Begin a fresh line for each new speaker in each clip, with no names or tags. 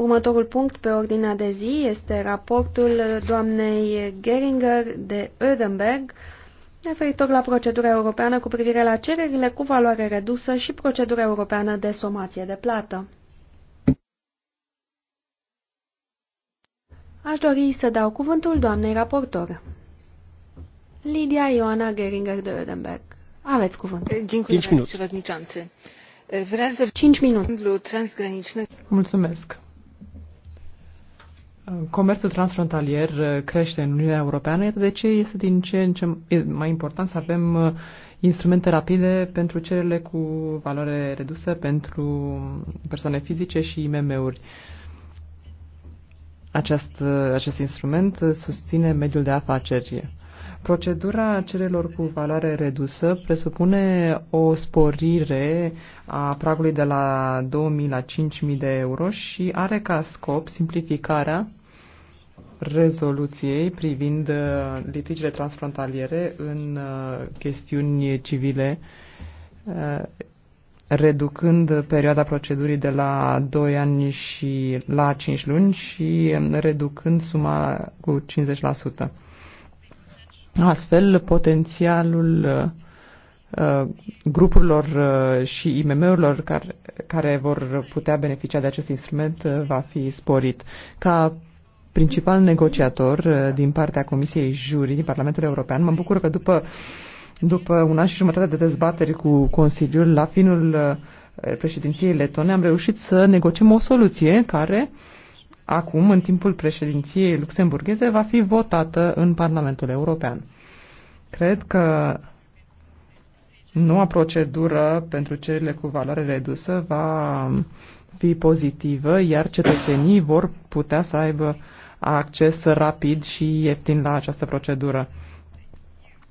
Următorul punct pe ordinea de zi este raportul doamnei Geringer de Ödenberg referitor la procedura europeană cu privire la cererile cu valoare redusă și procedura europeană de somație de plată. Aș dori să dau cuvântul doamnei raportor. Lidia Ioana Geringer de Ödenberg. Aveți cuvânt. Cinci minute. przewodniczący. să... Cinci minute.
Mulțumesc. Comerțul transfrontalier uh, crește în Uniunea Europeană, iată de ce este din ce în ce mai important să avem uh, instrumente rapide pentru cererile cu valoare redusă pentru persoane fizice și IMM-uri. Acest, uh, acest instrument susține mediul de afaceri. Procedura cererilor cu valoare redusă presupune o sporire a pragului de la 2.000 la 5.000 de euro și are ca scop simplificarea rezoluției privind uh, litigiile transfrontaliere în uh, chestiuni civile, uh, reducând perioada procedurii de la 2 ani și la 5 luni și um, reducând suma cu 50%. Astfel, potențialul grupurilor și IMM-urilor care, care vor putea beneficia de acest instrument va fi sporit. Ca principal negociator uh, din partea Comisiei Juri din Parlamentul European. Mă bucur că după, după un an și jumătate de dezbateri cu Consiliul, la finul uh, președinției letone, am reușit să negociem o soluție care acum, în timpul președinției luxemburgheze, va fi votată în Parlamentul European. Cred că noua procedură pentru cererile cu valoare redusă va fi pozitivă, iar cetățenii vor putea să aibă acces rapid și ieftin la această procedură.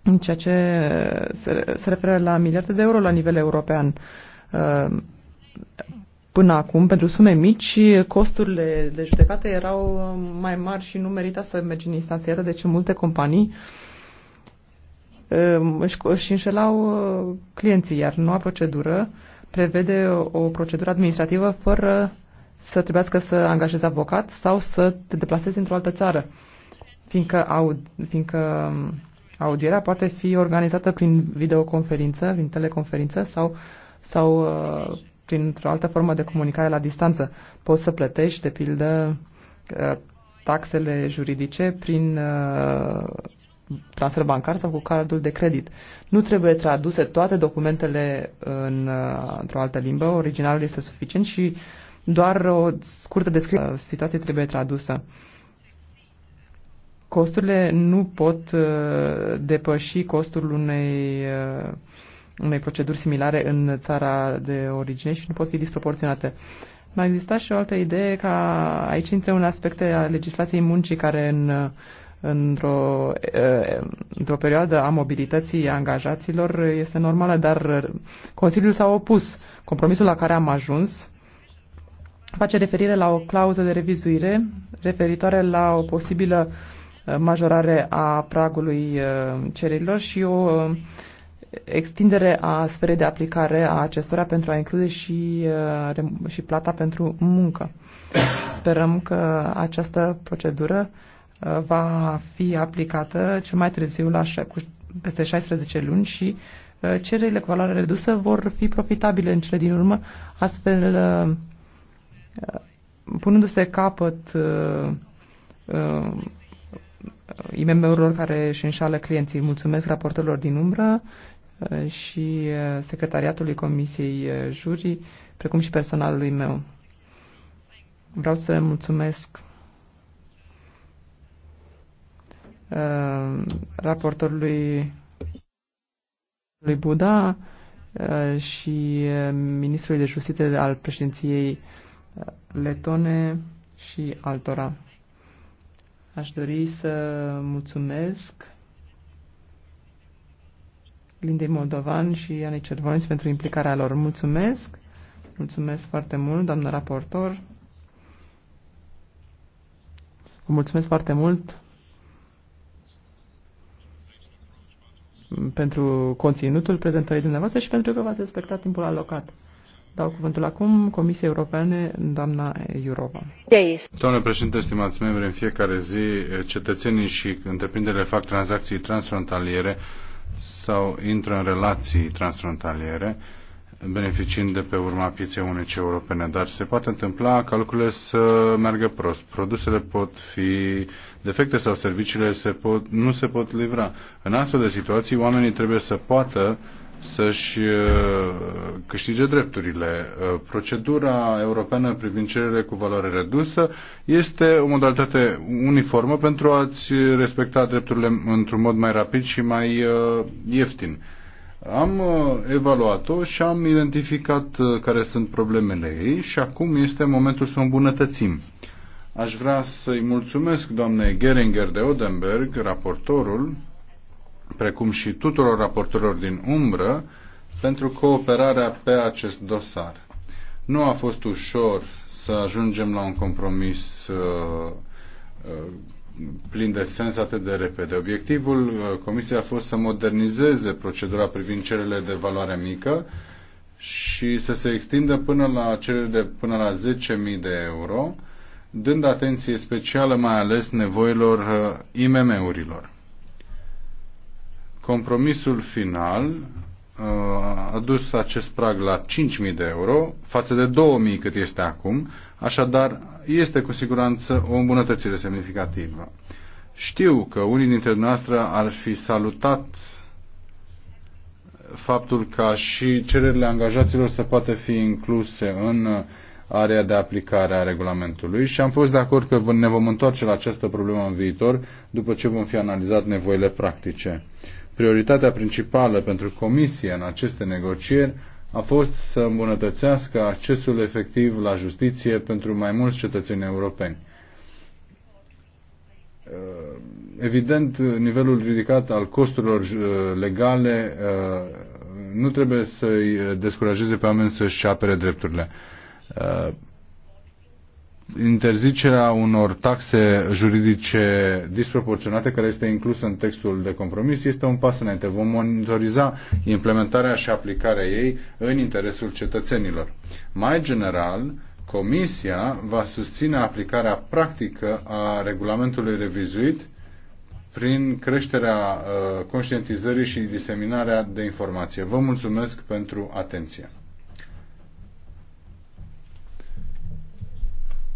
În ceea ce se, se referă la miliarde de euro la nivel european, uh, până acum, pentru sume mici, costurile de judecată erau mai mari și nu merita să mergi în instanță. Iată de ce multe companii uh, își, își înșelau uh, clienții, iar noua procedură prevede o procedură administrativă fără să trebuiască să angajezi avocat sau să te deplasezi într-o altă țară, fiindcă, aud, fiindcă um, audierea poate fi organizată prin videoconferință, prin teleconferință sau, sau uh, printr-o altă formă de comunicare la distanță. Poți să plătești, de pildă, uh, taxele juridice prin uh, transfer bancar sau cu cardul de credit. Nu trebuie traduse toate documentele în, uh, într-o altă limbă, originalul este suficient și uh, doar o scurtă descriere. Uh, situația trebuie tradusă. Costurile nu pot uh, depăși costul unei, uh, unei proceduri similare în țara de origine și nu pot fi disproporționate. Mai exista și o altă idee ca aici intră un aspect a legislației muncii care în într-o, într-o perioadă a mobilității angajaților este normală, dar Consiliul s-a opus. Compromisul la care am ajuns face referire la o clauză de revizuire referitoare la o posibilă uh, majorare a pragului uh, cererilor și o uh, extindere a sferei de aplicare a acestora pentru a include și, și plata pentru muncă. Sperăm că această procedură va fi aplicată cel mai târziu la peste 16 luni și cererile cu valoare redusă vor fi profitabile în cele din urmă, astfel Uh, punându-se capăt uh, uh, IMM-urilor care își înșală clienții. Mulțumesc raportorilor din umbră uh, și uh, secretariatului Comisiei uh, Jurii, precum și personalului meu. Vreau să mulțumesc uh, raportorului lui Buda uh, și uh, ministrului de justiție al președinției letone și altora. Aș dori să mulțumesc Lindei Moldovan și Ianei Cervonis pentru implicarea lor. Mulțumesc! Mulțumesc foarte mult, doamnă raportor! Vă mulțumesc foarte mult pentru conținutul prezentării dumneavoastră și pentru că v-ați respectat timpul alocat. Dau cuvântul acum Comisiei Europene, doamna Iurova.
Domnule președinte, stimați membri, în fiecare zi eh, cetățenii și întreprinderile fac tranzacții transfrontaliere sau intră în relații transfrontaliere beneficiind de pe urma pieței unice europene, dar se poate întâmpla ca lucrurile să meargă prost. Produsele pot fi defecte sau serviciile se pot, nu se pot livra. În astfel de situații, oamenii trebuie să poată să-și uh, câștige drepturile. Uh, procedura europeană privind cererile cu valoare redusă este o modalitate uniformă pentru a-ți respecta drepturile într-un mod mai rapid și mai uh, ieftin. Am evaluat-o și am identificat care sunt problemele ei și acum este momentul să o îmbunătățim. Aș vrea să-i mulțumesc doamnei Geringer de Odenberg, raportorul, precum și tuturor raportorilor din umbră, pentru cooperarea pe acest dosar. Nu a fost ușor să ajungem la un compromis uh, uh, plin de sens atât de repede. Obiectivul uh, Comisiei a fost să modernizeze procedura privind cererile de valoare mică și să se extindă până la cereri de până la 10.000 de euro, dând atenție specială mai ales nevoilor IMM-urilor. Compromisul final uh, a dus acest prag la 5.000 de euro față de 2.000 cât este acum, așadar este cu siguranță o îmbunătățire semnificativă. Știu că unii dintre noastre ar fi salutat faptul ca și cererile angajaților să poată fi incluse în area de aplicare a regulamentului și am fost de acord că ne vom întoarce la această problemă în viitor după ce vom fi analizat nevoile practice. Prioritatea principală pentru Comisie în aceste negocieri a fost să îmbunătățească accesul efectiv la justiție pentru mai mulți cetățeni europeni. Uh, evident, nivelul ridicat al costurilor uh, legale uh, nu trebuie să-i descurajeze pe oameni să-și apere drepturile interzicerea unor taxe juridice disproporționate, care este inclusă în textul de compromis, este un pas înainte. Vom monitoriza implementarea și aplicarea ei în interesul cetățenilor. Mai general, Comisia va susține aplicarea practică a regulamentului revizuit prin creșterea uh, conștientizării și diseminarea de informație. Vă mulțumesc pentru atenție.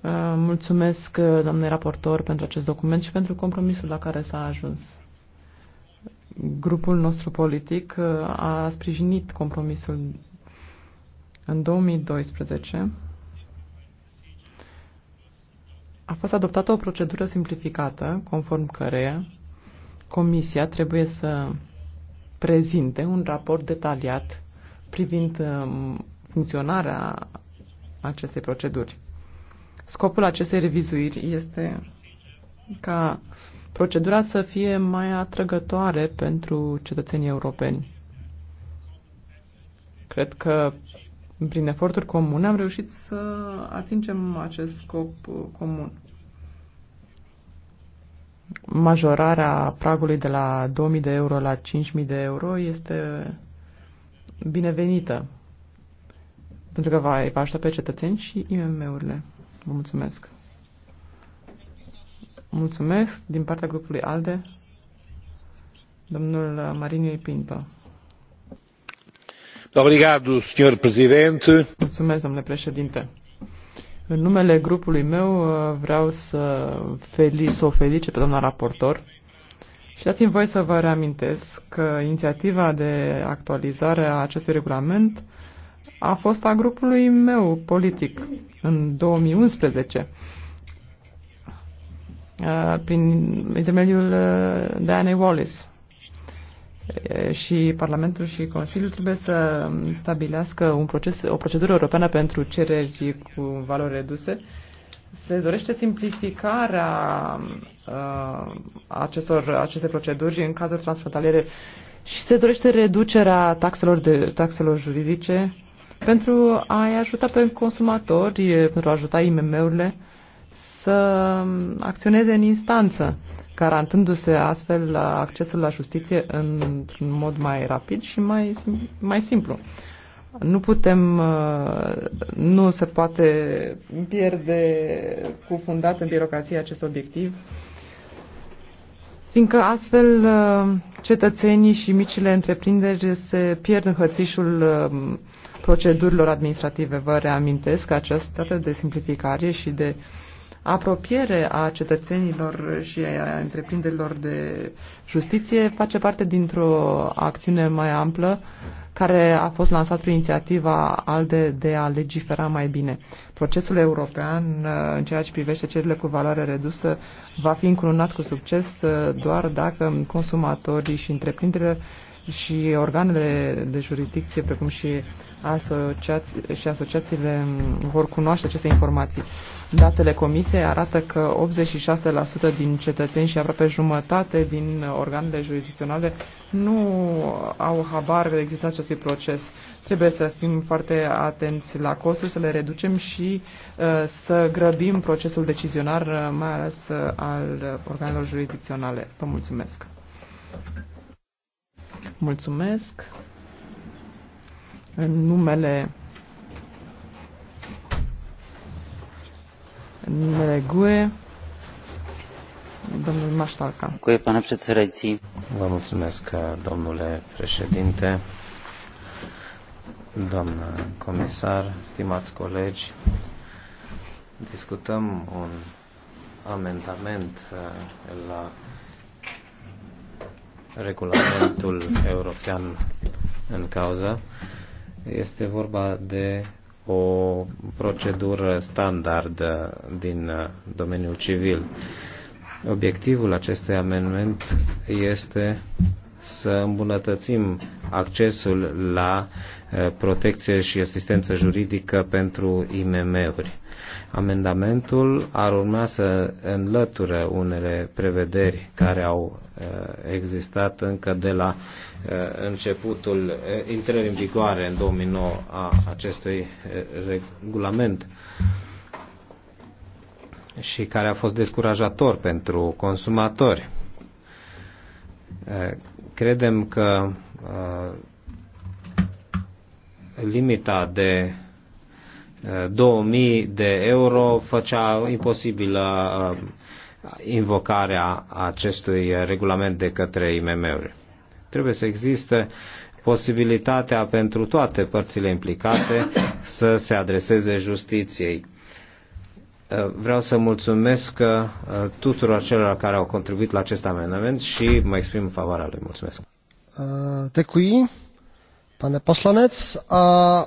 Uh, mulțumesc, uh, doamne raportor, pentru acest document și pentru compromisul la care s-a ajuns. Grupul nostru politic uh, a sprijinit compromisul în 2012. A fost adoptată o procedură simplificată, conform căreia Comisia trebuie să prezinte un raport detaliat privind um, funcționarea acestei proceduri. Scopul acestei revizuiri este ca procedura să fie mai atrăgătoare pentru cetățenii europeni. Cred că prin eforturi comune am reușit să atingem acest scop comun. Majorarea pragului de la 2000 de euro la 5000 de euro este binevenită, pentru că va, va ajuta pe cetățeni și IMM-urile. Vă mulțumesc. Mulțumesc din partea grupului ALDE, domnul Mariniei Pinto. Mulțumesc, domnule
președinte.
În numele grupului meu uh, vreau să, felic, să o felice pe doamna raportor și dați-mi voie să vă reamintesc că inițiativa de actualizare a acestui regulament a fost a grupului meu politic în 2011 uh, prin intermediul uh, Dianei Wallis. Uh, și Parlamentul și Consiliul trebuie să stabilească un proces, o procedură europeană pentru cereri cu valori reduse. Se dorește simplificarea uh, acestor, aceste proceduri în cazuri transfrontaliere și se dorește reducerea taxelor, de, taxelor juridice pentru a-i ajuta pe consumatori, pentru a ajuta IMM-urile să acționeze în instanță, garantându-se astfel accesul la justiție într-un mod mai rapid și mai, mai simplu. Nu putem, nu se poate pierde cu fundat în birocrație acest obiectiv fiindcă astfel uh, cetățenii și micile întreprinderi se pierd în hățișul uh, procedurilor administrative. Vă reamintesc că această de simplificare și de uh, apropiere a cetățenilor și a întreprinderilor de justiție face parte dintr-o acțiune mai amplă care a fost lansat prin inițiativa ALDE de a legifera mai bine. Procesul european, uh, în ceea ce privește cererile cu valoare redusă, va fi încununat cu succes uh, doar dacă consumatorii și întreprinderile și organele de jurisdicție, precum și, asociați, și asociațiile, um, vor cunoaște aceste informații. Datele comisiei arată că 86% din cetățeni și aproape jumătate din organele jurisdicționale nu au habar de existența acestui proces. Trebuie să fim foarte atenți la costuri, să le reducem și uh, să grăbim procesul decizionar, uh, mai ales uh, al organelor jurisdicționale. Vă mulțumesc! Mulțumesc! În numele numele domnul Maștalca. GUE,
pane prețărății. Vă mulțumesc, domnule președinte, doamnă comisar, stimați colegi. Discutăm un amendament uh, la regulamentul european în cauză. Este vorba de o procedură standard din domeniul civil. Obiectivul acestui amendament este să îmbunătățim accesul la eh, protecție și asistență juridică pentru IMM-uri. Amendamentul ar urma să înlăture unele prevederi care au uh, existat încă de la uh, începutul uh, intrării în vigoare în 2009 a acestui regulament și care a fost descurajator pentru consumatori. Credem că limita de 2000 de euro făcea imposibilă uh, invocarea acestui regulament de către IMM-uri. Trebuie să existe posibilitatea pentru toate părțile implicate să se adreseze justiției. Uh, vreau să mulțumesc uh, tuturor celor care au contribuit la acest amendament și mă exprim în favoarea lui. Mulțumesc. Děkuji, pane poslanec.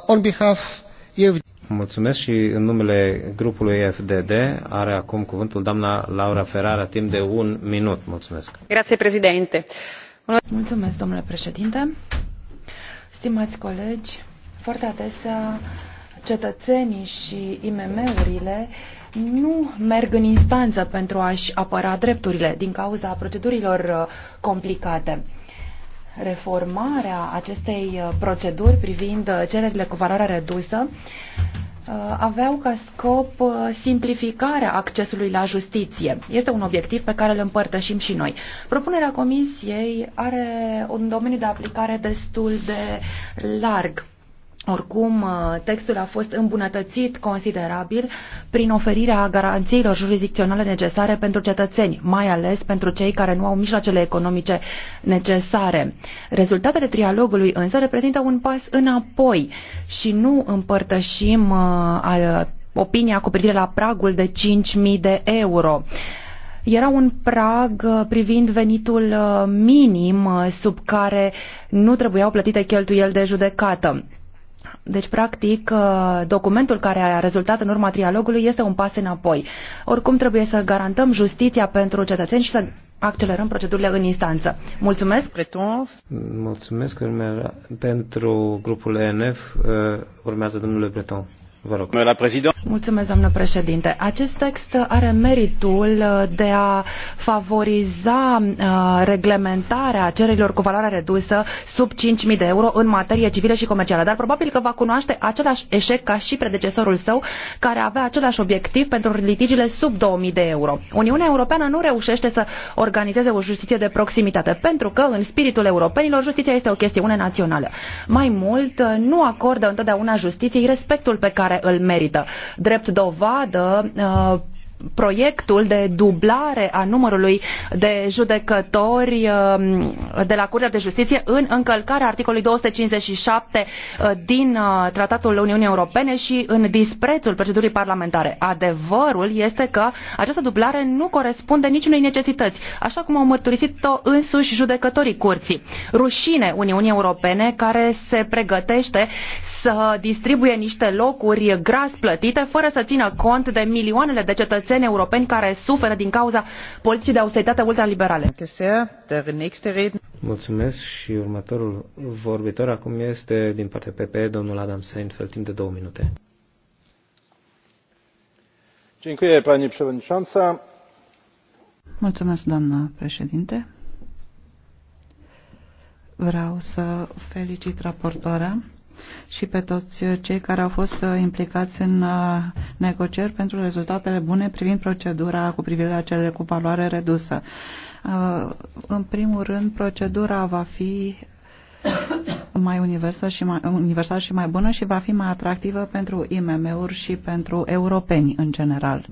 On behalf Mulțumesc și în numele grupului FDD are acum cuvântul doamna Laura Ferrara timp de un minut. Mulțumesc.
Grație, președinte. Mulțumesc, domnule președinte. Stimați colegi, foarte adesea cetățenii și IMM-urile nu merg în instanță pentru a-și apăra drepturile din cauza procedurilor uh, complicate reformarea acestei uh, proceduri privind uh, cererile cu valoare redusă uh, aveau ca scop simplificarea accesului la justiție. Este un obiectiv pe care îl împărtășim și noi. Propunerea Comisiei are un domeniu de aplicare destul de larg oricum, uh, textul a fost îmbunătățit considerabil prin oferirea garanțiilor jurisdicționale necesare pentru cetățeni, mai ales pentru cei care nu au mijloacele economice necesare. Rezultatele trialogului însă reprezintă un pas înapoi și nu împărtășim uh, opinia cu privire la pragul de 5.000 de euro. Era un prag uh, privind venitul uh, minim sub care nu trebuiau plătite cheltuieli de judecată deci, practic, uh, documentul care a rezultat în urma trialogului este un pas înapoi. Oricum, trebuie să garantăm justiția pentru cetățeni și să accelerăm procedurile în instanță. Mulțumesc! Pretov.
Mulțumesc pentru grupul ENF. Uh, urmează domnule Breton.
Mulțumesc, doamnă președinte. Acest text are meritul de a favoriza uh, reglementarea cererilor cu valoare redusă sub 5.000 de euro în materie civilă și comercială, dar probabil că va cunoaște același eșec ca și predecesorul său, care avea același obiectiv pentru litigiile sub 2.000 de euro. Uniunea Europeană nu reușește să organizeze o justiție de proximitate, pentru că, în spiritul europenilor, justiția este o chestiune națională. Mai mult, nu acordă întotdeauna justiției respectul pe care care îl merită. Drept dovadă, uh, proiectul de dublare a numărului de judecători uh, de la Curtea de Justiție în încălcarea articolului 257 uh, din Tratatul Uniunii Europene și în disprețul procedurii parlamentare. Adevărul este că această dublare nu corespunde niciunei necesități, așa cum au mărturisit-o însuși judecătorii curții. Rușine Uniunii Europene care se pregătește să distribuie niște locuri gras plătite fără să țină cont de milioanele de cetățeni europeni care suferă din cauza politicii de austeritate ultraliberale.
Mulțumesc și următorul vorbitor acum este din partea PPE domnul Adam Seinfeld timp de două minute.
Mulțumesc, doamnă președinte vreau să felicit raportoarea și pe toți cei care au fost uh, implicați în uh, negocieri pentru rezultatele bune privind procedura cu privire la cele cu valoare redusă. Uh, în primul rând, procedura va fi mai universală și mai, universal și mai bună și va fi mai atractivă pentru IMM-uri și pentru europeni în general.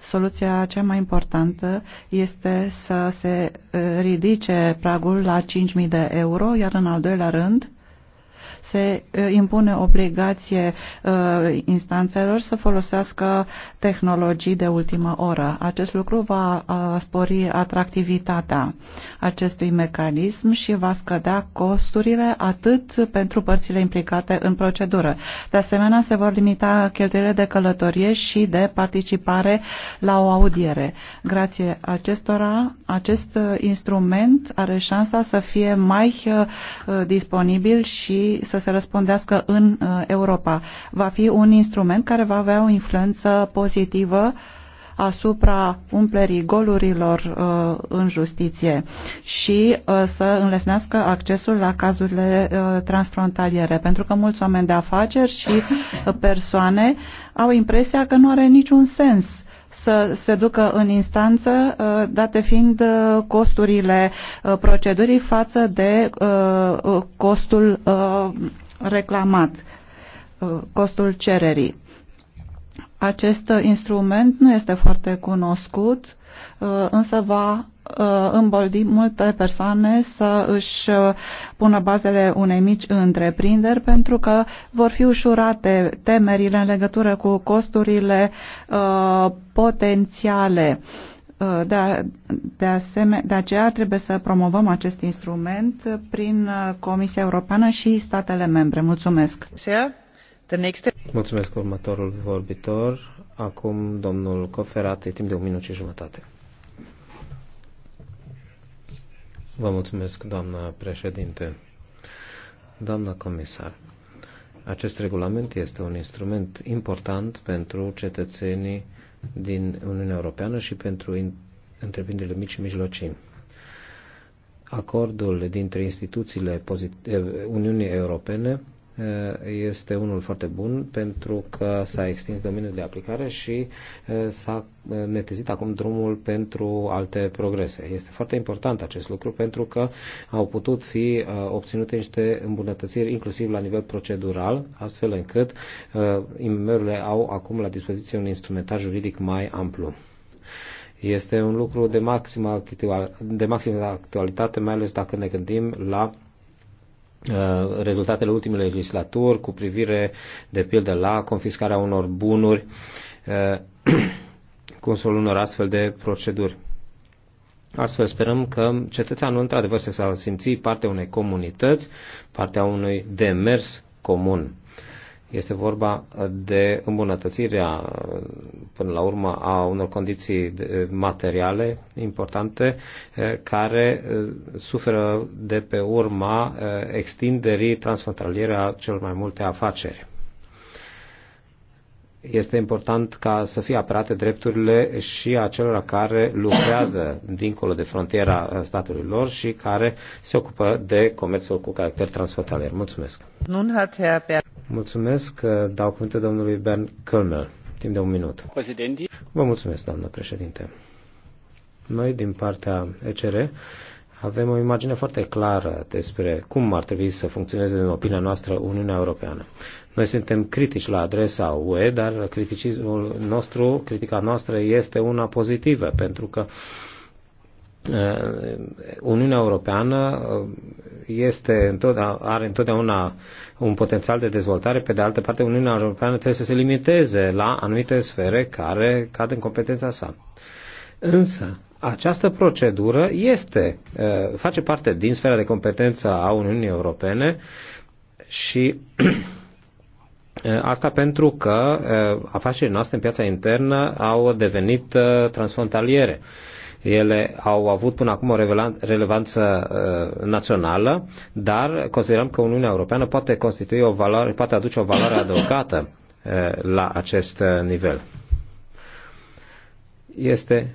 Soluția cea mai importantă este să se ridice pragul la 5.000 de euro, iar în al doilea rând se impune obligație instanțelor să folosească tehnologii de ultimă oră. Acest lucru va spori atractivitatea acestui mecanism și va scădea costurile atât pentru părțile implicate în procedură. De asemenea, se vor limita cheltuielile de călătorie și de participare la o audiere. Grație acestora, acest instrument are șansa să fie mai disponibil și să să răspundească în uh, Europa. Va fi un instrument care va avea o influență pozitivă asupra umplerii golurilor uh, în justiție și uh, să înlesnească accesul la cazurile uh, transfrontaliere, pentru că mulți oameni de afaceri și uh, persoane au impresia că nu are niciun sens să se ducă în instanță, uh, date fiind uh, costurile uh, procedurii față de costul reclamat, costul cererii. Acest instrument nu este foarte cunoscut, uh, însă va uh, îmboldi multe persoane să își uh, pună bazele unei mici întreprinderi pentru că vor fi ușurate temerile în legătură cu costurile potențiale. De, de, aseme, de aceea trebuie să promovăm acest instrument prin Comisia Europeană și statele membre. Mulțumesc!
Mulțumesc următorul vorbitor. Acum domnul Coferat, timp de un minut și jumătate. Vă mulțumesc, doamna președinte. Doamna comisar, acest regulament este un instrument important pentru cetățenii din Uniunea Europeană și pentru întreprinderile mici și mijlocii. Acordul dintre instituțiile eh, Uniunii Europene Eh, este unul foarte bun pentru că s-a extins domeniul de aplicare și eh, s-a eh, netezit acum drumul pentru alte progrese. Este foarte important acest lucru pentru că au putut fi obținute niște îmbunătățiri inclusiv la nivel procedural, astfel încât IMM-urile au acum la dispoziție un instrumentar juridic mai amplu. Este un lucru de maximă, de maximă actualitate, mai ales dacă ne gândim la Uh, rezultatele ultimei legislaturi cu privire, de pildă, la confiscarea unor bunuri, uh, consul unor astfel de proceduri. Astfel sperăm că cetățeanul într-adevăr se simți partea unei comunități, partea unui demers comun. Este vorba de îmbunătățirea, până la urmă, a unor condiții materiale importante eh, care eh, suferă de pe urma eh, extinderii transfrontaliere a cel mai multe afaceri este important ca să fie apărate drepturile și celor care lucrează dincolo de frontiera statului lor și care se ocupă de comerțul cu caracter transfrontalier. Mulțumesc. Mulțumesc că dau cuvântul domnului Bern Kölmel, timp de un minut. Președinte. Vă mulțumesc, doamnă președinte. Noi, din partea ECR, avem o imagine foarte clară despre cum ar trebui să funcționeze, în opinia noastră, Uniunea Europeană. Noi suntem critici la adresa UE, dar criticismul nostru, critica noastră este una pozitivă, pentru că uh, Uh, Uniunea Europeană uh, este întotdeauna, are întotdeauna un potențial de dezvoltare, pe de altă parte Uniunea Europeană trebuie să se limiteze la anumite sfere care cad în competența sa. Însă, această procedură este, uh, face parte din sfera de competență a Uniunii Europene și Asta pentru că afacerile noastre în piața internă au devenit transfrontaliere. Ele au avut până acum o relevanță uh, națională, dar considerăm că Uniunea Europeană poate constitui o valoare, poate aduce o valoare adăugată uh, la acest uh, nivel. Este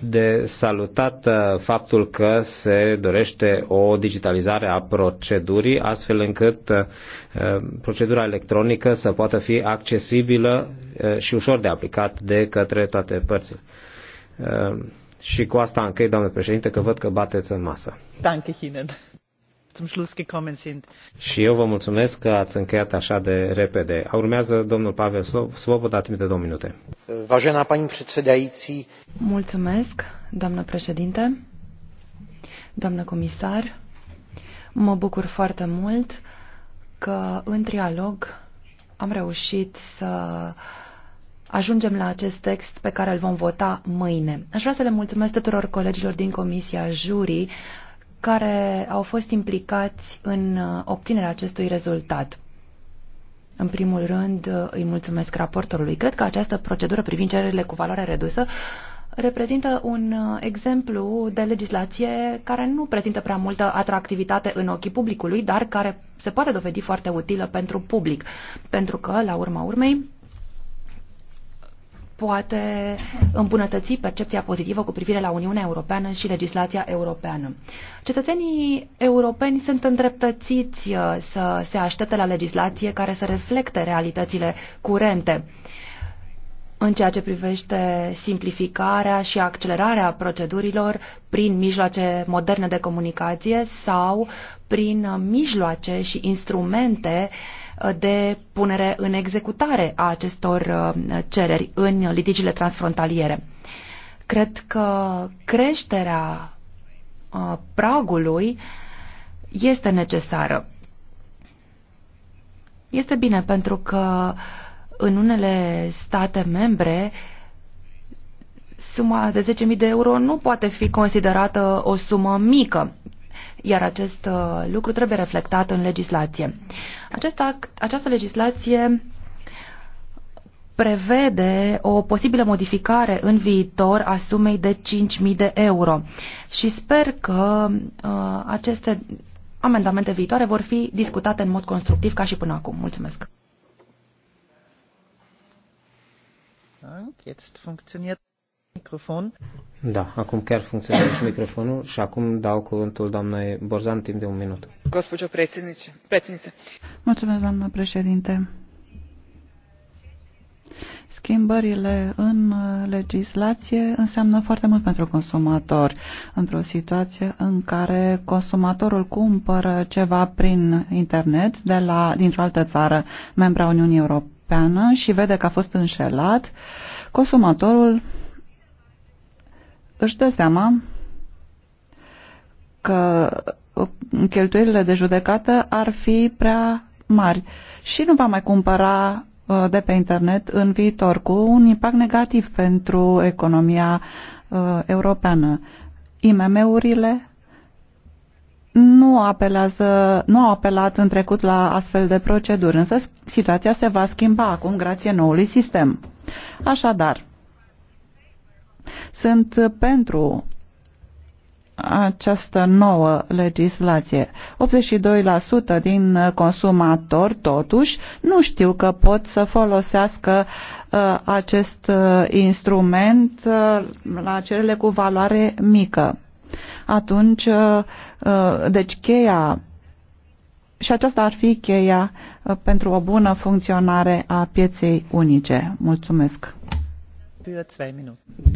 de salutat faptul că se dorește o digitalizare a procedurii, astfel încât procedura electronică să poată fi accesibilă și ușor de aplicat de către toate părțile. Ehm, și cu asta închei, doamnă președinte, că văd că bateți în masă.
Danke Ihnen. Zum Schluss gekommen sind.
Și eu vă mulțumesc că ați încheiat așa de repede. Urmează domnul Pavel Svoboda, timp de două minute.
Vážená paní předsedající.
Mulțumesc, doamnă președinte, doamnă comisar. Mă bucur foarte mult că în trialog am reușit să uh, ajungem la acest text pe care îl vom vota mâine. Aș vrea să le mulțumesc tuturor colegilor din Comisia Jurii care au fost implicați în uh, obținerea acestui rezultat. În primul rând, uh, îi mulțumesc raportorului. Cred că această procedură privind cererile cu valoare redusă reprezintă un uh, exemplu de legislație care nu prezintă prea multă atractivitate în ochii publicului, dar care se poate dovedi foarte utilă pentru public, pentru că, la urma urmei, poate îmbunătăți percepția pozitivă cu privire la Uniunea Europeană și legislația europeană. Cetățenii europeni sunt îndreptățiți uh, să se aștepte la legislație care să reflecte realitățile curente în ceea ce privește simplificarea și accelerarea procedurilor prin mijloace moderne de comunicație sau prin mijloace și instrumente uh, de punere în executare a acestor uh, cereri în litigiile transfrontaliere. Cred că creșterea uh, pragului este necesară. Este bine pentru că în unele state membre suma de 10.000 de euro nu poate fi considerată o sumă mică, iar acest uh, lucru trebuie reflectat în legislație. Acest act, această legislație prevede o posibilă modificare în viitor a sumei de 5.000 de euro și sper că uh, aceste amendamente viitoare vor fi discutate în mod constructiv ca și până acum. Mulțumesc!
Microfon.
Da, acum chiar funcționează și microfonul și acum dau cuvântul doamnei Borzan timp de un minut.
Gospodjo președinte.
Mulțumesc, doamnă președinte. Schimbările în legislație înseamnă foarte mult pentru consumator. Într-o situație în care consumatorul cumpără ceva prin internet de la, dintr-o altă țară, membra Uniunii Europene, europeană și vede că a fost înșelat, consumatorul își dă seama că uh, cheltuielile de judecată ar fi prea mari și nu va mai cumpăra uh, de pe internet în viitor cu un impact negativ pentru economia uh, europeană. IMM-urile nu, apelează, nu au apelat în trecut la astfel de proceduri, însă situația se va schimba acum grație noului sistem. Așadar, sunt pentru această nouă legislație. 82% din consumatori, totuși, nu știu că pot să folosească uh, acest uh, instrument uh, la cerele cu valoare mică. Atunci, uh, uh, deci cheia și aceasta ar fi cheia uh, pentru o bună funcționare a pieței unice. Mulțumesc!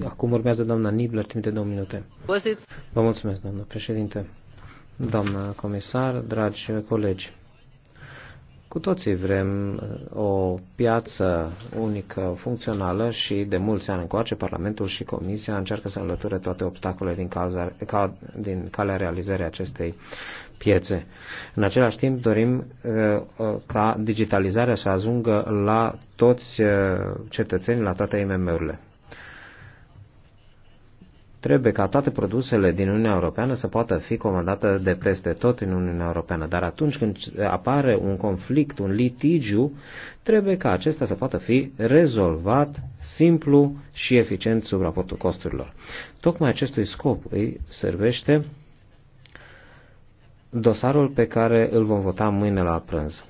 Acum urmează doamna Nibler timp de două minute. Vă mulțumesc, doamna președinte, doamna comisar, dragi colegi. Cu toții vrem uh, o piață unică, funcțională și de mulți ani încoace Parlamentul și Comisia încearcă să înlăture toate obstacolele din, cauza, ca, din calea realizării acestei piețe. În același timp dorim uh, ca digitalizarea să ajungă la toți uh, cetățenii, la toate IMM-urile. Trebuie ca toate produsele din Uniunea Europeană să poată fi comandate de peste tot în Uniunea Europeană, dar atunci când apare un conflict, un litigiu, trebuie ca acesta să poată fi rezolvat simplu și eficient sub raportul costurilor. Tocmai acestui scop îi servește dosarul pe care îl vom vota mâine la prânz.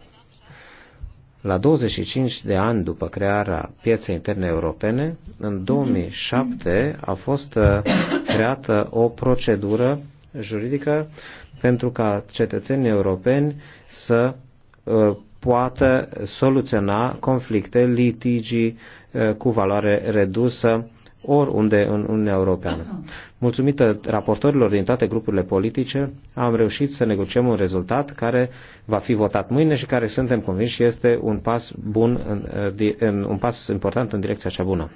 La 25 de ani după crearea pieței interne europene, în 2007 a fost uh, creată o procedură juridică pentru ca cetățenii europeni să uh, poată soluționa conflicte, litigii uh, cu valoare redusă oriunde în Uniunea Europeană. Mulțumită raportorilor din toate grupurile politice, am reușit să negociem un rezultat care va fi votat mâine și care suntem convinși este un pas bun, în, eh, în, un pas important în direcția cea bună.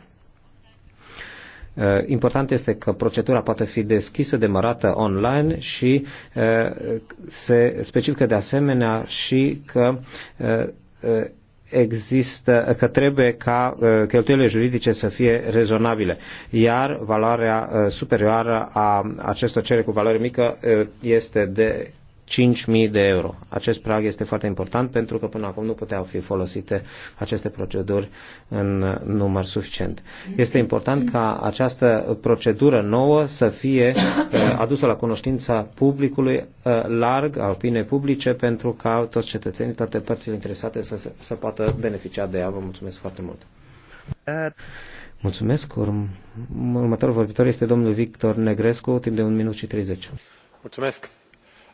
Eh, important este că procedura poate fi deschisă, demarată online și eh, se specifică de asemenea și că există, că trebuie ca uh, cheltuielile juridice să fie rezonabile, iar valoarea uh, superioară a acestor cereri cu valoare mică uh, este de 5.000 de euro. Acest prag este foarte important pentru că până acum nu puteau fi folosite aceste proceduri în număr suficient. Este important ca această procedură nouă să fie eh, adusă la cunoștința publicului eh, larg, a opiniei publice, pentru ca toți cetățenii, toate părțile interesate să, să poată beneficia de ea. Vă mulțumesc foarte mult. Mulțumesc. Urm următorul vorbitor este domnul Victor Negrescu, timp de 1 minut și 30.
Mulțumesc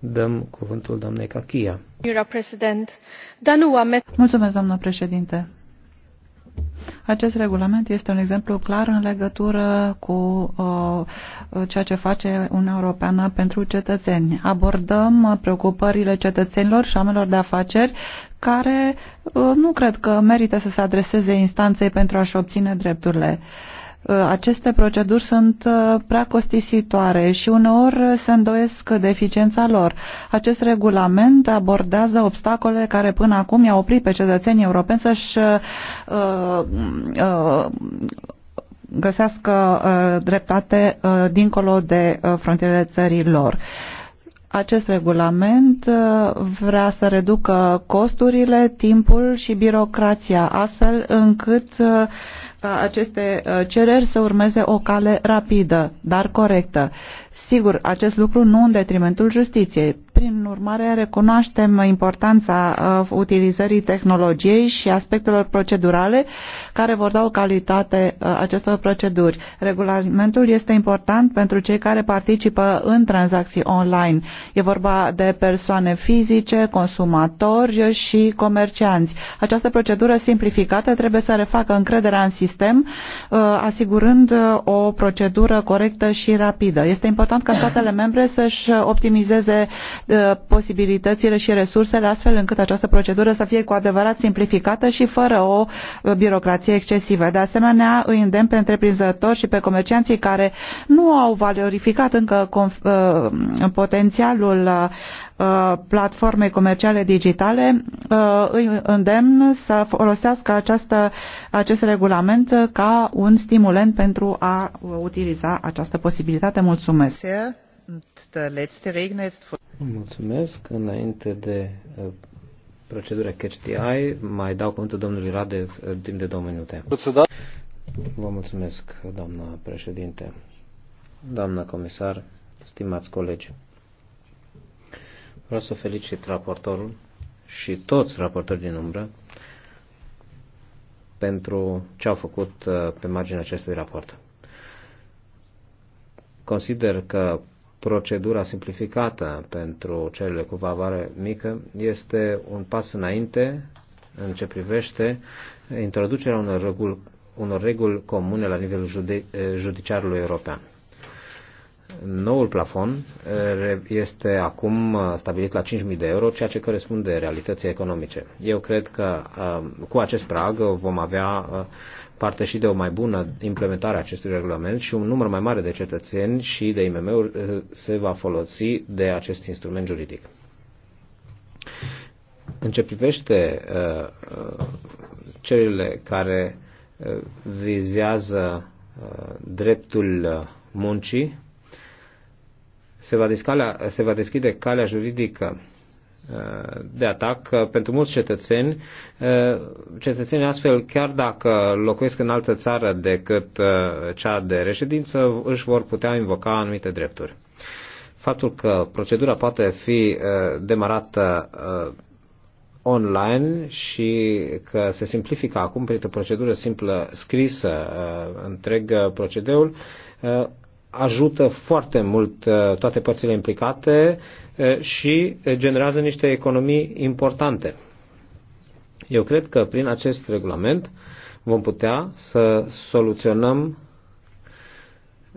dăm cuvântul doamnei Cachia.
Mulțumesc, doamnă președinte. Acest regulament este un exemplu clar în legătură cu uh, ceea ce face Uniunea Europeană pentru cetățeni. Abordăm preocupările cetățenilor și oamenilor de afaceri care uh, nu cred că merită să se adreseze instanței pentru a-și obține drepturile. Uh, Uh, aceste proceduri sunt uh, prea costisitoare și uneori se îndoiesc de eficiența lor. Acest regulament abordează obstacole care până acum i-au oprit pe cetățenii europeni să-și uh, uh, găsească uh, dreptate uh, dincolo de uh, frontierele țării lor. Acest regulament uh, vrea să reducă costurile, timpul și birocrația, astfel încât uh, ca aceste uh, cereri să urmeze o cale rapidă, dar corectă. Sigur, acest lucru nu în detrimentul justiției, prin urmare, recunoaștem importanța uh, utilizării tehnologiei și aspectelor procedurale care vor da o calitate uh, acestor proceduri. Regulamentul este important pentru cei care participă în tranzacții online. E vorba de persoane fizice, consumatori și comercianți. Această procedură simplificată trebuie să refacă încrederea în sistem, uh, asigurând o procedură corectă și rapidă. Este important ca statele membre să-și optimizeze Uh, posibilitățile și resursele astfel încât această procedură să fie cu adevărat simplificată și fără o uh, birocrație excesivă. De asemenea, îi îndemn pe întreprinzători și pe comercianții care nu au valorificat încă uh, potențialul platformei comerciale digitale, îi îndemn să folosească această, acest regulament ca un stimulent pentru a utiliza această posibilitate. Mulțumesc!
Mulțumesc. Înainte de uh, procedura Catch the Eye, mai dau cuvântul domnului Rade uh, timp de două minute. Vă mulțumesc, doamna președinte, doamna comisar, stimați colegi. Vreau să felicit raportorul și toți raportorii din umbră pentru ce au făcut uh, pe marginea acestui raport. Consider că procedura simplificată pentru cererile cu valoare mică este un pas înainte în ce privește introducerea unor reguli, unor reguli comune la nivelul jude, eh, judiciarului european. Noul plafon eh, este acum eh, stabilit la 5.000 de euro, ceea ce corespunde realității economice. Eu cred că cu acest prag vom avea parte și de o mai bună implementare a acestui regulament și un număr mai mare de cetățeni și de IMM-uri eh, se va folosi de acest instrument juridic. În ce privește eh, eh, cererile care vizează dreptul muncii, se va, discala, se va deschide calea juridică de atac pentru mulți cetățeni. Eh, cetățenii astfel, chiar dacă locuiesc în altă țară decât eh, cea de reședință, își vor putea invoca anumite drepturi. Faptul că procedura poate fi eh, demarată online și că se simplifică acum printr-o procedură simplă scrisă întreg procedeul, ajută foarte mult uh, toate părțile implicate uh, și generează niște economii importante. Eu cred că prin acest regulament vom putea să soluționăm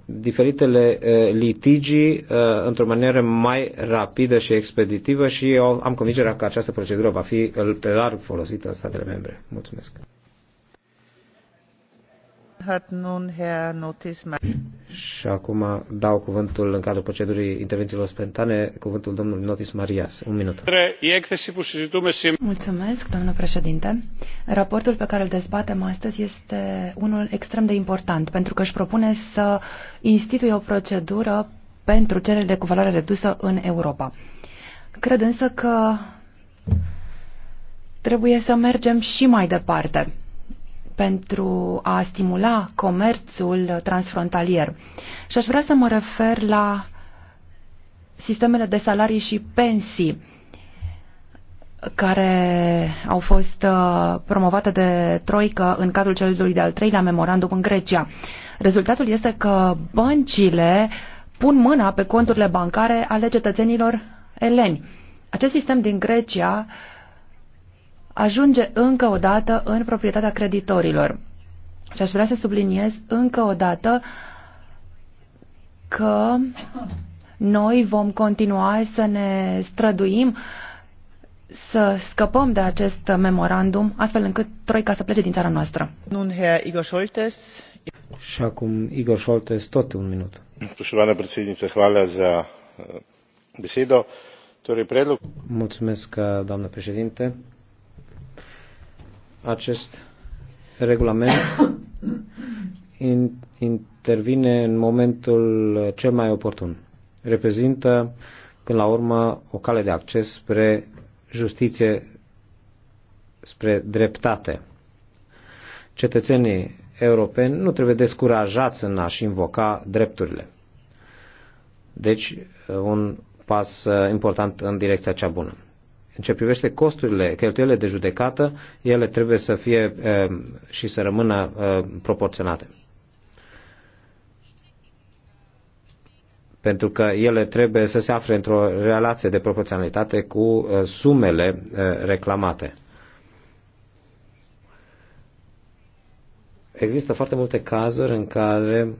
diferitele uh, litigii într-o manieră mai rapidă și expeditivă și eu am convingerea că această procedură va fi pe larg folosită în statele membre. Mulțumesc! Și acum dau cuvântul în cadrul procedurii intervențiilor spontane, cuvântul domnului Notis Marias. Un minut.
Mulțumesc, domnule președinte. Raportul pe care îl dezbatem astăzi este unul extrem de important, pentru că își propune să instituie o procedură pentru cererile cu valoare redusă în Europa. Cred însă că trebuie să mergem și mai departe pentru a stimula comerțul transfrontalier. Și aș vrea să mă refer la sistemele de salarii și pensii care au fost uh, promovate de Troică în cadrul celui de-al treilea memorandum în Grecia. Rezultatul este că băncile pun mâna pe conturile bancare ale cetățenilor eleni. Acest sistem din Grecia ajunge încă o dată în proprietatea creditorilor. Și aș vrea să subliniez încă o dată că noi vom continua să ne străduim să scăpăm de acest memorandum, astfel încât Troica să plece din țara noastră. Nun,
Herr Igor Scholtes.
Și acum Igor Scholtes, tot un minut.
Spoštovana predsednica, hvala za eh, besedo.
Mulțumesc, eh, doamnă președinte acest regulament intervine în momentul cel mai oportun. Reprezintă, până la urmă, o cale de acces spre justiție, spre dreptate. Cetățenii europeni nu trebuie descurajați în a-și invoca drepturile. Deci, un pas uh, important în direcția cea bună în ce privește costurile, cheltuielile de judecată, ele trebuie să fie eh, și să rămână eh, proporționate. Pentru că ele trebuie să se afle într-o relație de proporționalitate cu eh, sumele reclamate. Există foarte multe cazuri în care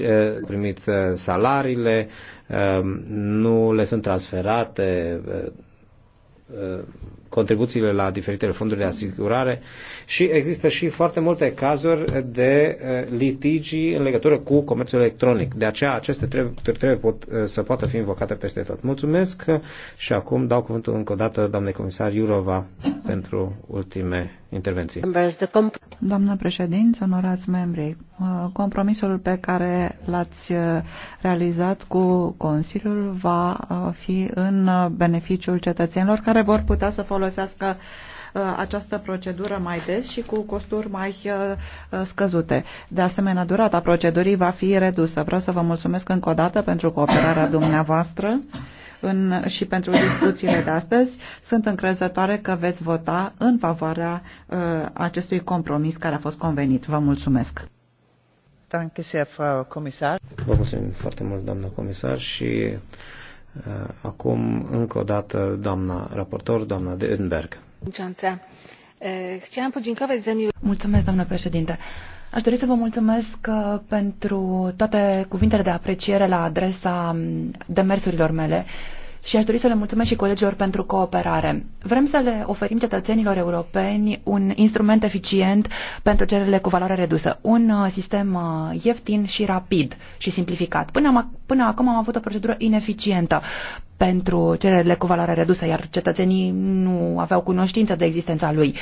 Eh, primit eh, salariile, eh, nu le sunt transferate contribuțiile la diferitele fonduri de asigurare și există și foarte multe cazuri de eh, litigii în legătură cu comerțul electronic. De aceea aceste trebuie, trebuie pot, eh, să poată fi invocate peste tot. Mulțumesc și acum dau cuvântul încă o dată doamnei comisar Iurova pentru ultime intervenții.
Doamnă președință, onorați membri, eh, compromisul pe care l-ați realizat cu Consiliul va fi în beneficiul cetățenilor care vor putea să folosească folosească uh, această procedură mai des și cu costuri mai uh, scăzute. De asemenea, durata procedurii va fi redusă. Vreau să vă mulțumesc încă o dată pentru cooperarea dumneavoastră în, și pentru discuțiile de astăzi. Sunt încrezătoare că veți vota în favoarea uh, acestui compromis care a fost convenit. Vă mulțumesc! Danke sehr, Frau Kommissar.
Vă mulțumim foarte mult, doamnă comisar, și Uh, acum, încă o dată, doamna raportor, doamna de Edinburgh.
Uh,
mulțumesc, doamnă președinte. Aș dori să vă mulțumesc uh, pentru toate cuvintele de apreciere la adresa mm, demersurilor mele și aș dori să le mulțumesc și colegilor pentru cooperare. Vrem să le oferim cetățenilor europeni un instrument eficient pentru cererile cu valoare redusă, un uh, sistem uh, ieftin și rapid și simplificat. Până, am, până acum am avut o procedură ineficientă pentru cererile cu valoare redusă, iar cetățenii nu aveau cunoștință de existența lui.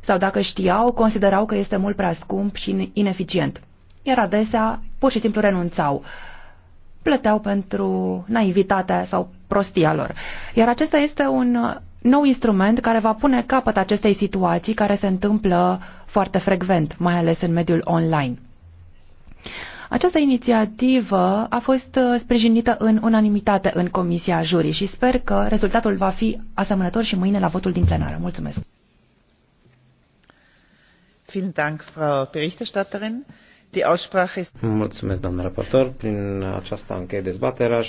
Sau dacă știau, considerau că este mult prea scump și ineficient. Iar adesea pur și simplu renunțau plăteau pentru naivitatea sau prostia lor. Iar acesta este un nou instrument care va pune capăt acestei situații care se întâmplă foarte frecvent, mai ales în mediul online. Această inițiativă a fost uh, sprijinită în unanimitate în Comisia Jurii și sper că rezultatul va fi asemănător și mâine la votul din plenară. Mulțumesc!
Vielen Dank, Frau Berichterstatterin.
Mulțumesc, doamnă raportor. Prin aceasta închei dezbaterea și